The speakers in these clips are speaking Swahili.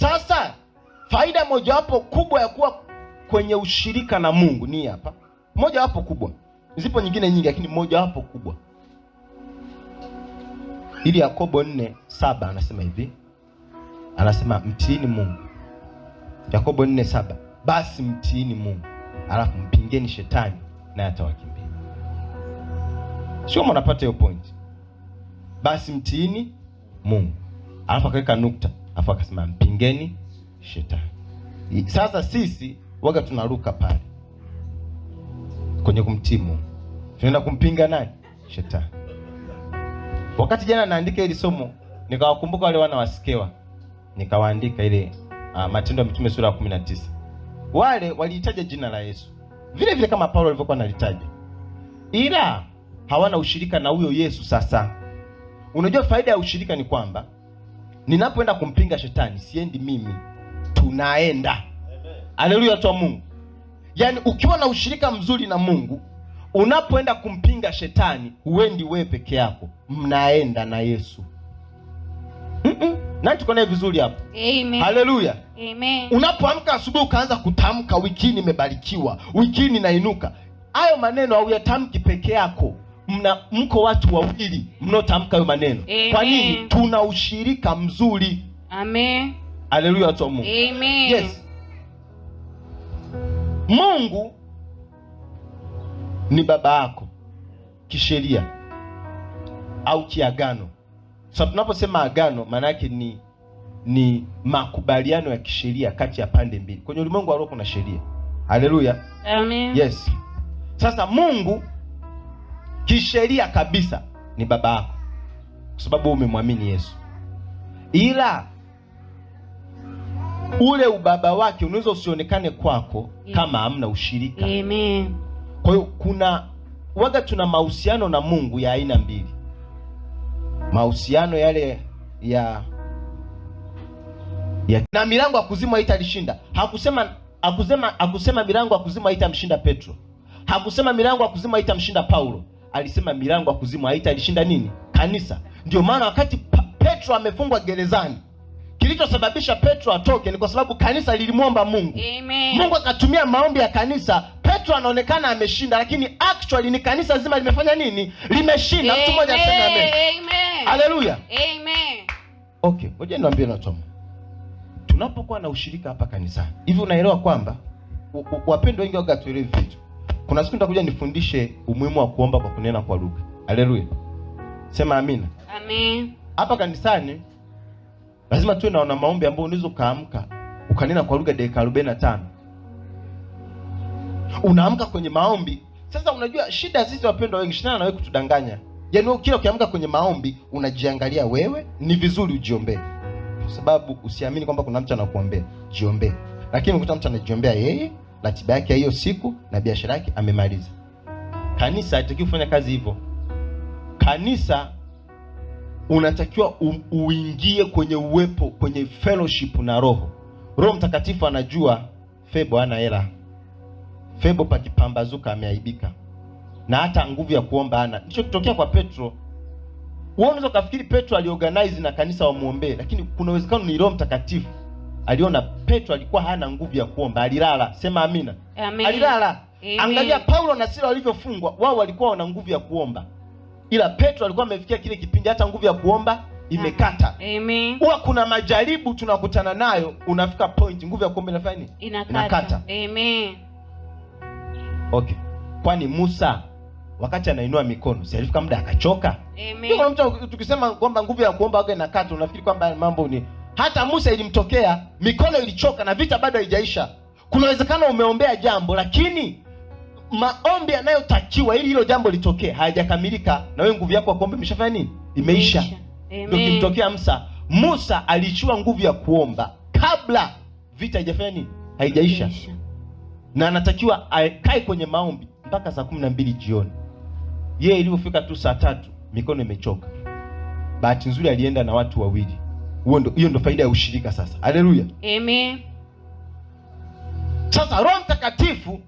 Sasa faida mojawapo kubwa ya kuwa kwenye ushirika na Mungu ni hapa, mojawapo kubwa, zipo nyingine nyingi, lakini mojawapo kubwa ili Yakobo nne saba anasema hivi, anasema mtiini Mungu. Yakobo nne saba basi mtiini Mungu alafu mpingeni shetani naye atawakimbia. Sio mwanapata hiyo point? Basi mtiini Mungu alafu akaweka nukta afu akasema mpingeni shetani. Sasa sisi waga tunaruka pale kwenye kumtimu, tunaenda kumpinga nani? Shetani. Wakati jana naandika hili somo nikawakumbuka wale wana wasikewa, nikawaandika ile uh, Matendo ya Mitume sura ya 19. Wale walitaja jina la Yesu vile vile kama Paulo alivyokuwa analitaja, ila hawana ushirika na huyo Yesu. Sasa unajua faida ya ushirika ni kwamba Ninapoenda kumpinga shetani, siendi mimi, tunaenda. Haleluya, watu wa Mungu. Yaani ukiwa na ushirika mzuri na Mungu, unapoenda kumpinga shetani, huendi wewe peke yako, mnaenda na Yesu. mm -mm. Nani tuko naye vizuri hapo? Haleluya. Unapoamka asubuhi ukaanza kutamka wiki hii nimebarikiwa, wiki ninainuka. Hayo maneno hauyatamki peke yako mna mko watu wawili mnaotamka hayo maneno. Kwa nini? Tuna ushirika mzuri. Amen. Haleluya, watu wa Mungu. Amen. Yes. Mungu ni baba yako kisheria au kiagano. Sasa so, tunaposema agano maana yake ni ni makubaliano ya kisheria kati ya pande mbili. Kwenye ulimwengu wa roho kuna sheria. Haleluya. Amen. Yes. Sasa Mungu kisheria kabisa ni baba yako, kwa sababu umemwamini Yesu, ila ule ubaba wake unaweza usionekane kwako kama hamna ushirika. Amen. Kwa hiyo kuna waga, tuna mahusiano na Mungu ya aina mbili, mahusiano yale ya ya na milango ya kuzimu haitalishinda. Hakusema, hakusema, hakusema milango ya kuzimu haitamshinda Petro, hakusema milango ya kuzimu haitamshinda Paulo alisema milango ya kuzimu haita alishinda nini? Kanisa. Ndio maana wakati Petro amefungwa gerezani, kilichosababisha Petro atoke ni kwa sababu kanisa lilimwomba Mungu. Amen. Mungu akatumia maombi ya kanisa. Petro anaonekana ameshinda, lakini actually ni kanisa zima limefanya nini? Limeshinda. Mtu mmoja asema amen. Haleluya. Amen. Okay, ngoja niwaambie na Tom. Tunapokuwa na ushirika hapa kanisani, hivi unaelewa kwamba wapendwa wengi waga vitu kuna siku nitakuja nifundishe umuhimu wa kuomba kwa kunena kwa lugha. Haleluya. Sema amina. Amen. Hapa kanisani lazima tuwe naona maombi ambayo unaweza ukaamka ukanena kwa lugha dakika 45. Unaamka kwenye maombi. Sasa unajua shida sisi wapendwa wengi shindana na wewe kutudanganya. Yaani wewe kila ukiamka kwenye maombi unajiangalia wewe, ni vizuri ujiombee. Kwa sababu usiamini kwamba kuna mtu anakuombea, jiombee. Lakini ukuta mtu anajiombea yeye ratiba yake ya hiyo siku na biashara yake amemaliza. Kanisa haitakiwi kufanya kazi hivyo. Kanisa unatakiwa uingie kwenye uwepo, kwenye fellowship na Roho. Roho Mtakatifu anajua Febo ana hela, Febo pakipambazuka ameaibika, na hata nguvu ya kuomba ana Ndicho kitokea kwa Petro. Wewe unaweza kafikiri Petro aliorganize na kanisa wamwombee, lakini kuna uwezekano ni Roho Mtakatifu aliona Petro alikuwa hana nguvu ya kuomba, alilala. Sema amina. Amen. Alilala. Amen. Angalia Paulo na Sila walivyofungwa, wao walikuwa wana nguvu ya kuomba, ila Petro alikuwa amefikia kile kipindi hata nguvu ya kuomba imekata. Amen. Huwa kuna majaribu tunakutana nayo, unafika point nguvu ya kuomba inafanya nini? Inakata. Inakata. Amen. Okay. Kwani Musa wakati anainua mikono si alifika muda akachoka? Amen. Tukisema kwamba nguvu ya kuomba waga inakata, unafikiri kwamba mambo ni hata Musa ilimtokea mikono ilichoka na vita bado haijaisha. Kuna uwezekano umeombea jambo, lakini maombi yanayotakiwa ili hilo jambo litokee hayajakamilika, na wewe nguvu yako ya kuomba imeshafanya nini? Imeisha. Ndio kimtokea Musa. Musa alichua nguvu ya kuomba kabla vita haijafanya nini? Haijaisha, na anatakiwa akae kwenye maombi mpaka saa kumi na mbili jioni. Yeye ilivyofika tu saa tatu mikono imechoka. Bahati nzuri alienda na watu wawili hiyo ndo, ndo faida ya ushirika sasa. Haleluya, amen. Sasa Roho Mtakatifu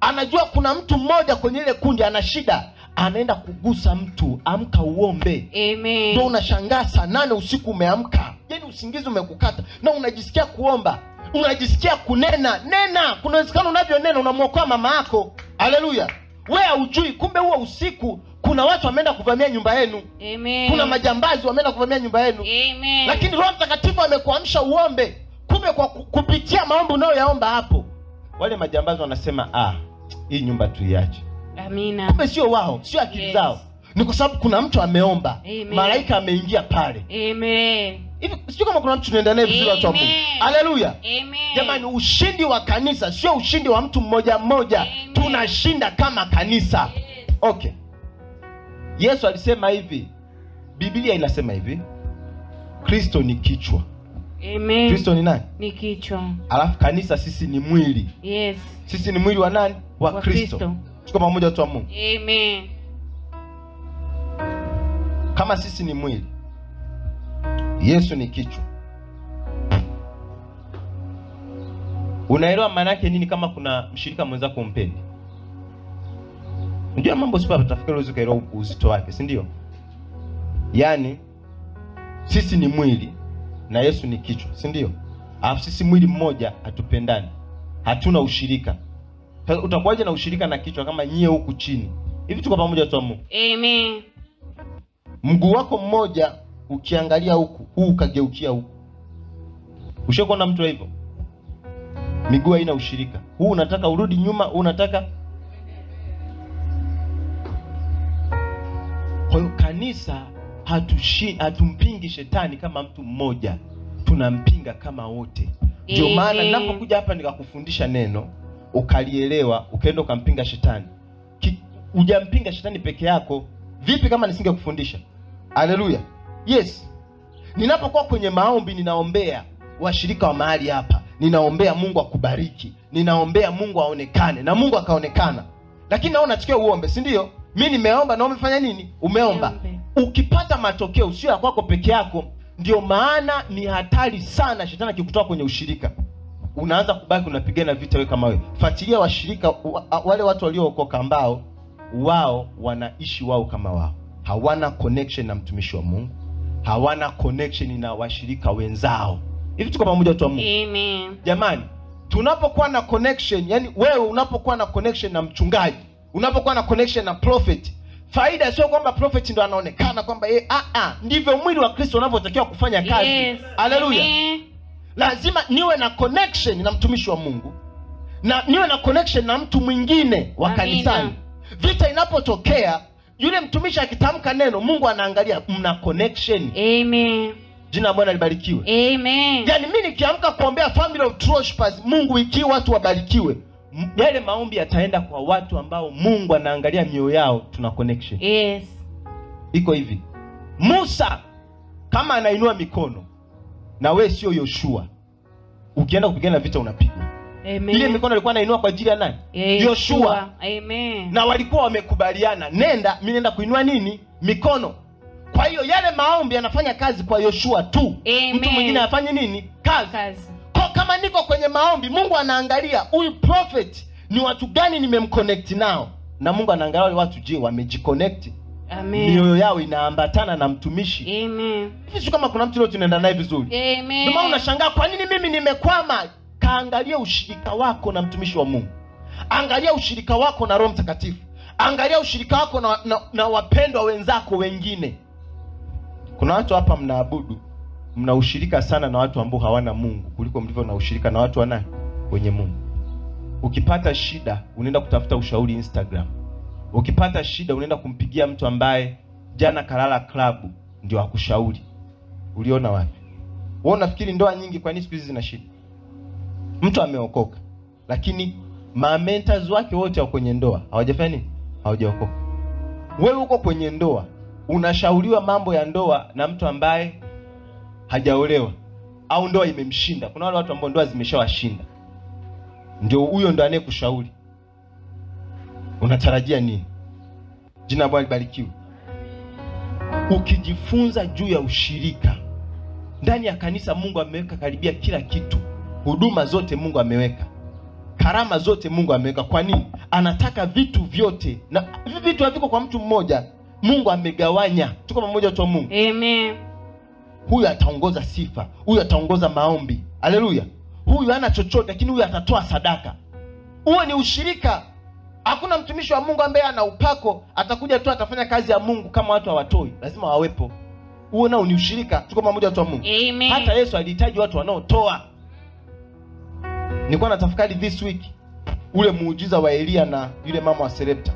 anajua kuna mtu mmoja kwenye ile kundi ana shida, anaenda kugusa mtu. Amka uombe, amen. Ndio unashangaa saa nane usiku umeamka, yaani usingizi umekukata na unajisikia kuomba, unajisikia kunena. Nena, kuna uwezekano unavyonena unamwokoa mama yako. Haleluya, we haujui, kumbe huo usiku kuna watu wameenda kuvamia nyumba yenu Amen. kuna majambazi wameenda kuvamia nyumba yenu Amen. lakini roho mtakatifu amekuamsha uombe kume kwa kupitia maombi unayoyaomba hapo wale majambazi wanasema ah, hii nyumba tuiache amina kumbe sio wao sio akili yes. zao ni kwa sababu kuna mtu ameomba malaika ameingia pale hivi sijui kama kuna mtu tunaenda naye vizuri watu wa mungu haleluya jamani ushindi wa kanisa sio ushindi wa mtu mmoja mmoja tunashinda kama kanisa yes. okay Yesu alisema hivi, Biblia inasema hivi, Kristo ni kichwa. Amen. Kristo ni nani? Ni kichwa. Alafu kanisa sisi ni mwili. Yes. Sisi ni mwili wa nani? Wa, wa Kristo. Tuko pamoja watu wa Mungu. Amen. Kama sisi ni mwili, Yesu ni kichwa. Unaelewa maana yake nini kama kuna mshirika mwenzako umpendi? Unajua mambo sipa tafikiri uweze kaelewa uzito wake, si ndio? Yaani sisi ni mwili na Yesu ni kichwa, si ndio? Alafu sisi mwili mmoja hatupendani, hatuna ushirika. Utakuwaje na ushirika na kichwa kama nyie huku chini hivi? Tuko pamoja, tu wa Mungu, amen. Mguu wako mmoja ukiangalia huku, huu ukageukia huku, ushakuona mtu hivyo? Miguu haina ushirika, huu unataka urudi nyuma, huu unataka Kwa hiyo kanisa hatushi, hatumpingi shetani kama mtu mmoja, tunampinga kama wote. Ndio maana ninapokuja hapa nikakufundisha neno ukalielewa, ukaenda ukampinga shetani, hujampinga shetani peke yako. Vipi kama nisingekufundisha? Haleluya! Yes, ninapokuwa kwenye maombi ninaombea washirika wa mahali hapa, ninaombea Mungu akubariki, ninaombea Mungu aonekane na Mungu akaonekana, lakini naona nachukua uombe, si ndio? mi nimeomba na umefanya nini? Umeomba, Ukipata matokeo sio ya kwako peke yako. Ndio maana ni hatari sana shetani akikutoa kwenye ushirika, unaanza kubaki unapigana vita wewe kama wewe. Fuatilia washirika wale watu waliookoka ambao wao wanaishi wao kama wao, hawana connection na mtumishi wa Mungu, hawana connection na washirika wenzao. Hivi tuko pamoja, watu wa Mungu? Amen. Jamani, tunapokuwa na connection, yani wewe unapokuwa na connection na mchungaji unapokuwa na connection na prophet, faida sio kwamba prophet ndo anaonekana kwamba yeye a ah, a, ah, ndivyo mwili wa Kristo unavyotakiwa kufanya kazi. Haleluya, yes. Lazima niwe na connection na mtumishi wa Mungu na niwe na connection na mtu mwingine wa kanisani. Vita inapotokea yule mtumishi akitamka neno, Mungu anaangalia mna connection. Amen. Jina la Bwana libarikiwe. Amen. Yaani mimi nikiamka kuombea family of True Mungu ikiwa watu wabarikiwe yale maombi yataenda kwa watu ambao Mungu anaangalia mioyo yao, tuna connection. Yes. Iko hivi, Musa kama anainua mikono na we sio Yoshua, ukienda kupigana vita unapigwa. Amen. Ile mikono alikuwa anainua kwa ajili ya nani? Yoshua. Amen. Na walikuwa wamekubaliana, nenda mimi naenda kuinua nini mikono. Kwa hiyo yale maombi yanafanya kazi kwa Yoshua tu. Amen. Mtu mwingine afanye nini kazi, kazi kama niko kwenye maombi, Mungu anaangalia huyu prophet ni watu gani nimemconnect nao, na Mungu anaangalia wale watu, je, wamejiconnect? Amen. Mioyo yao inaambatana na mtumishi. Amen. Hivi kama kuna mtu leo tunaenda naye vizuri. Amen. Ndio maana unashangaa kwa nini mimi nimekwama. Kaangalia ushirika wako na mtumishi wa Mungu. Angalia ushirika wako na Roho Mtakatifu. Angalia ushirika wako na, na, na wapendwa wenzako wengine. Kuna watu hapa mnaabudu mna ushirika sana na watu ambao hawana Mungu kuliko mlivyo na ushirika na watu wana wenye Mungu. Ukipata shida unaenda kutafuta ushauri Instagram. Ukipata shida unaenda kumpigia mtu ambaye jana kalala klabu ndio akushauri. Uliona wapi? Wewe unafikiri ndoa nyingi kwa nini siku hizi zina shida? Mtu ameokoka lakini mamentors wake wote wako kwenye ndoa. Hawajafanya nini? Hawajaokoka. Wewe uko kwenye ndoa, unashauriwa mambo ya ndoa na mtu ambaye hajaolewa au ndoa imemshinda. Kuna wale watu ambao ndoa zimeshawashinda, ndio huyo ndo anayekushauri unatarajia nini. Jina Bwana libarikiwe. Ukijifunza juu ya ushirika ndani ya kanisa, Mungu ameweka karibia kila kitu, huduma zote Mungu ameweka karama zote Mungu ameweka. Kwa nini? Anataka vitu vyote, na vitu haviko kwa mtu mmoja. Mungu amegawanya. Tuko pamoja, watu wa Mungu, amen huyu ataongoza sifa, huyu ataongoza maombi. Haleluya! huyu hana chochote, lakini huyu atatoa sadaka. Huo ni ushirika. Hakuna mtumishi wa Mungu ambaye ana upako atakuja tu atafanya kazi ya Mungu kama watu hawatoi, lazima wawepo. Huo nao ni ushirika. Tuko pamoja, watu wa Mungu. Amen. Hata Yesu alihitaji watu wanaotoa. Nilikuwa natafakari this week ule muujiza wa Eliya na yule mama wa Serepta,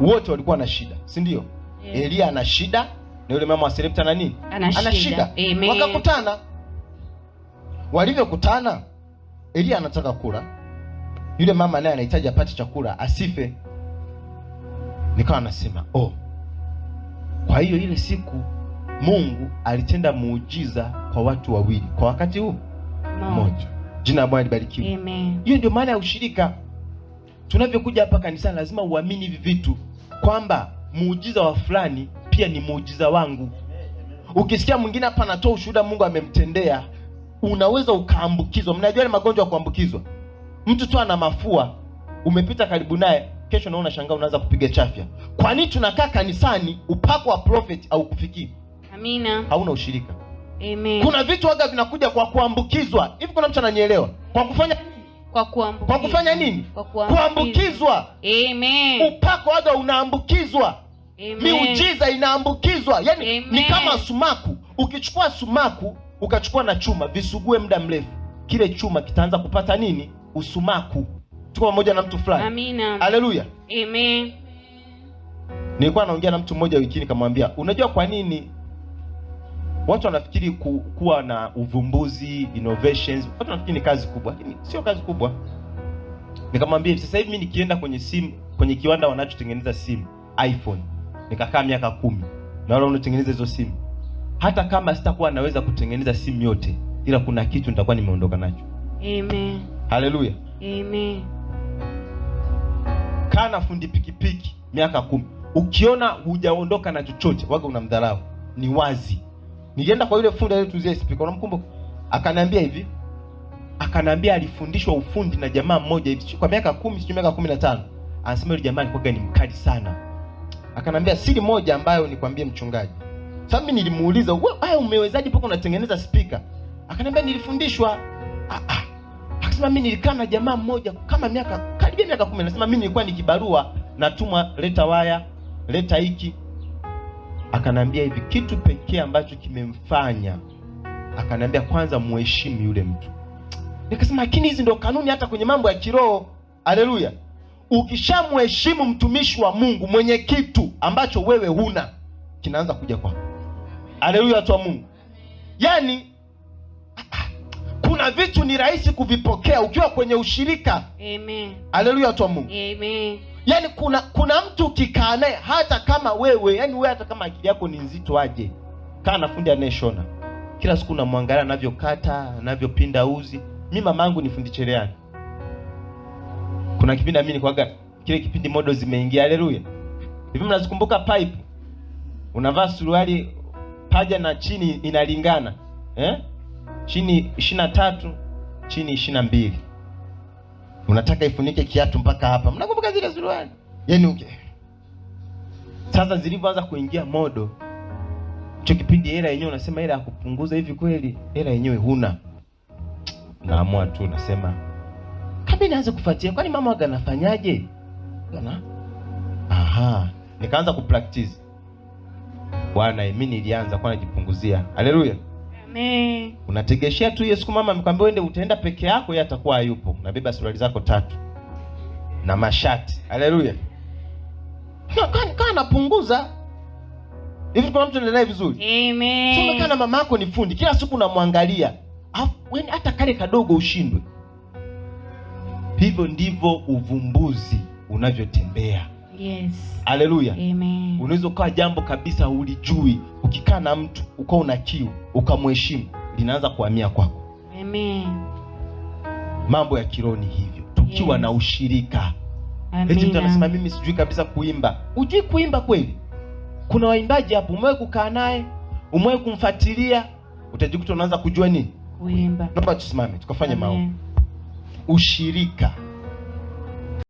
wote walikuwa na shida, si ndio? Yeah. Eliya ana shida na yule mama wa na nini ana shida, wakakutana. Walivyokutana, Elia anataka kula, yule mama naye anahitaji apate chakula asife. Nikawa nasema oh, kwa hiyo ile siku Mungu alitenda muujiza kwa watu wawili kwa wakati huu mmoja. Jina la Bwana libarikiwe. Amen. Hiyo ndio maana ya ushirika. Tunavyokuja hapa kanisani, lazima uamini hivi vitu kwamba muujiza wa fulani pia ni muujiza wangu. Ukisikia mwingine hapa anatoa ushuhuda Mungu amemtendea, unaweza ukaambukizwa. Mnajua ni magonjwa ya kuambukizwa. Mtu tu ana mafua, umepita karibu naye, kesho na unashangaa unaanza kupiga chafya. Kwa nini tunakaa kanisani, upako wa prophet au kufikii? Amina, hauna ushirika. Amen. Kuna vitu waga vinakuja kwa kuambukizwa. Hivi kuna mtu ananyeelewa Kwa kufanya kwa kuambukizwa. Kwa kufanya nini? Kwa kuambukizwa. Amen. Upako waga unaambukizwa. Miujiza inaambukizwa yani Amen. Ni kama sumaku, ukichukua sumaku ukachukua na chuma visugue muda mrefu, kile chuma kitaanza kupata nini? Usumaku. Tuko pamoja na mtu fulani. Amina, haleluya, Nilikuwa naongea na mtu mmoja wiki nikamwambia, unajua kwa nini watu wanafikiri ku, kuwa na uvumbuzi innovations, watu wanafikiri ni kazi kubwa, lakini sio kazi kubwa. Nikamwambia sasa hivi nikienda kwenye simu, kwenye kiwanda wanachotengeneza simu iPhone nikakaa miaka kumi, naona unatengeneza hizo simu. Hata kama sitakuwa naweza kutengeneza simu yote, ila kuna kitu nitakuwa nimeondoka nacho. Amen, haleluya, amen. na fundi pikipiki miaka kumi, ukiona hujaondoka na chochote, waga unamdharau. Ni wazi. Nilienda kwa yule fundi aliyetuzia spika, unamkumbuka? Akaniambia hivi, akaniambia alifundishwa ufundi na jamaa mmoja hivi kwa miaka kumi, sijui miaka kumi na tano. Anasema yule jamaa alikuwa ni mkali sana Akanambia siri moja ambayo nikwambie mchungaji. Sasa mimi nilimuuliza, wewe haya umewezaje mpaka unatengeneza speaker? akanambia nilifundishwa. Ah, ah. Akasema mimi nilikaa na jamaa mmoja kama miaka karibia miaka 10. nasema mimi nilikuwa ni kibarua natumwa, leta waya, leta hiki. Akanambia hivi, kitu pekee ambacho kimemfanya akanambia, kwanza muheshimu yule mtu. Nikasema lakini hizi ndo kanuni hata kwenye mambo ya kiroho. Haleluya. Ukishamheshimu mtumishi wa Mungu mwenye kitu ambacho wewe huna kinaanza kuja kwako. aleluya watu wa Mungu. Yaani kuna vitu ni rahisi kuvipokea ukiwa kwenye ushirika. Amen. Aleluya, watu wa Mungu. Amen. Yaani kuna kuna mtu ukikaa naye hata kama wewe yani wewe hata kama akili yako ni nzito aje, kaa na fundi anayeshona kila siku, namwangalia anavyokata anavyopinda uzi. Mimi mamangu yangu ni fundi cherehani kuna kipindi amini kwaga kile kipindi modo zimeingia, haleluya. Hivi mnazikumbuka pipe? Unavaa suruali paja na chini inalingana eh? chini ishirini na tatu chini ishirini na mbili unataka ifunike kiatu mpaka hapa. Mnakumbuka zile suruali yani uke Sasa zilivyoanza kuingia modo, hicho kipindi hela yenyewe unasema hela ya kupunguza hivi kweli, hela yenyewe huna, naamua tu nasema mimi naanza kufuatia, kwani mama waga anafanyaje? Bwana, aha, nikaanza kupractice. Bwana, mimi nilianza kwa najipunguzia. Haleluya. Amen. Unategeshea tu Yesu, siku mama amekwambia uende utaenda peke yako, yeye atakuwa hayupo. Unabeba suruali zako tatu na mashati. Haleluya. Kaa napunguza hivi, kuna mtu endelee vizuri. Amen. Sio kana mama yako ni fundi, kila siku unamwangalia, yaani hata kale kadogo ushindwe Hivyo ndivyo uvumbuzi unavyotembea. Yes. Haleluya. Amen. Unaweza ukawa jambo kabisa ulijui, ukikaa na mtu ukawa una kiu, ukamheshimu, linaanza kuhamia kwako. Amen. Mambo ya kironi hivyo, tukiwa yes, na ushirika. Eti mtu anasema mimi sijui kabisa kuimba. ujui kuimba kweli? Kuna waimbaji hapo, umewahi kukaa naye, umewahi kumfuatilia, utajikuta unaanza kujua nini kuimba. Naomba tusimame tukafanye maombi ushirika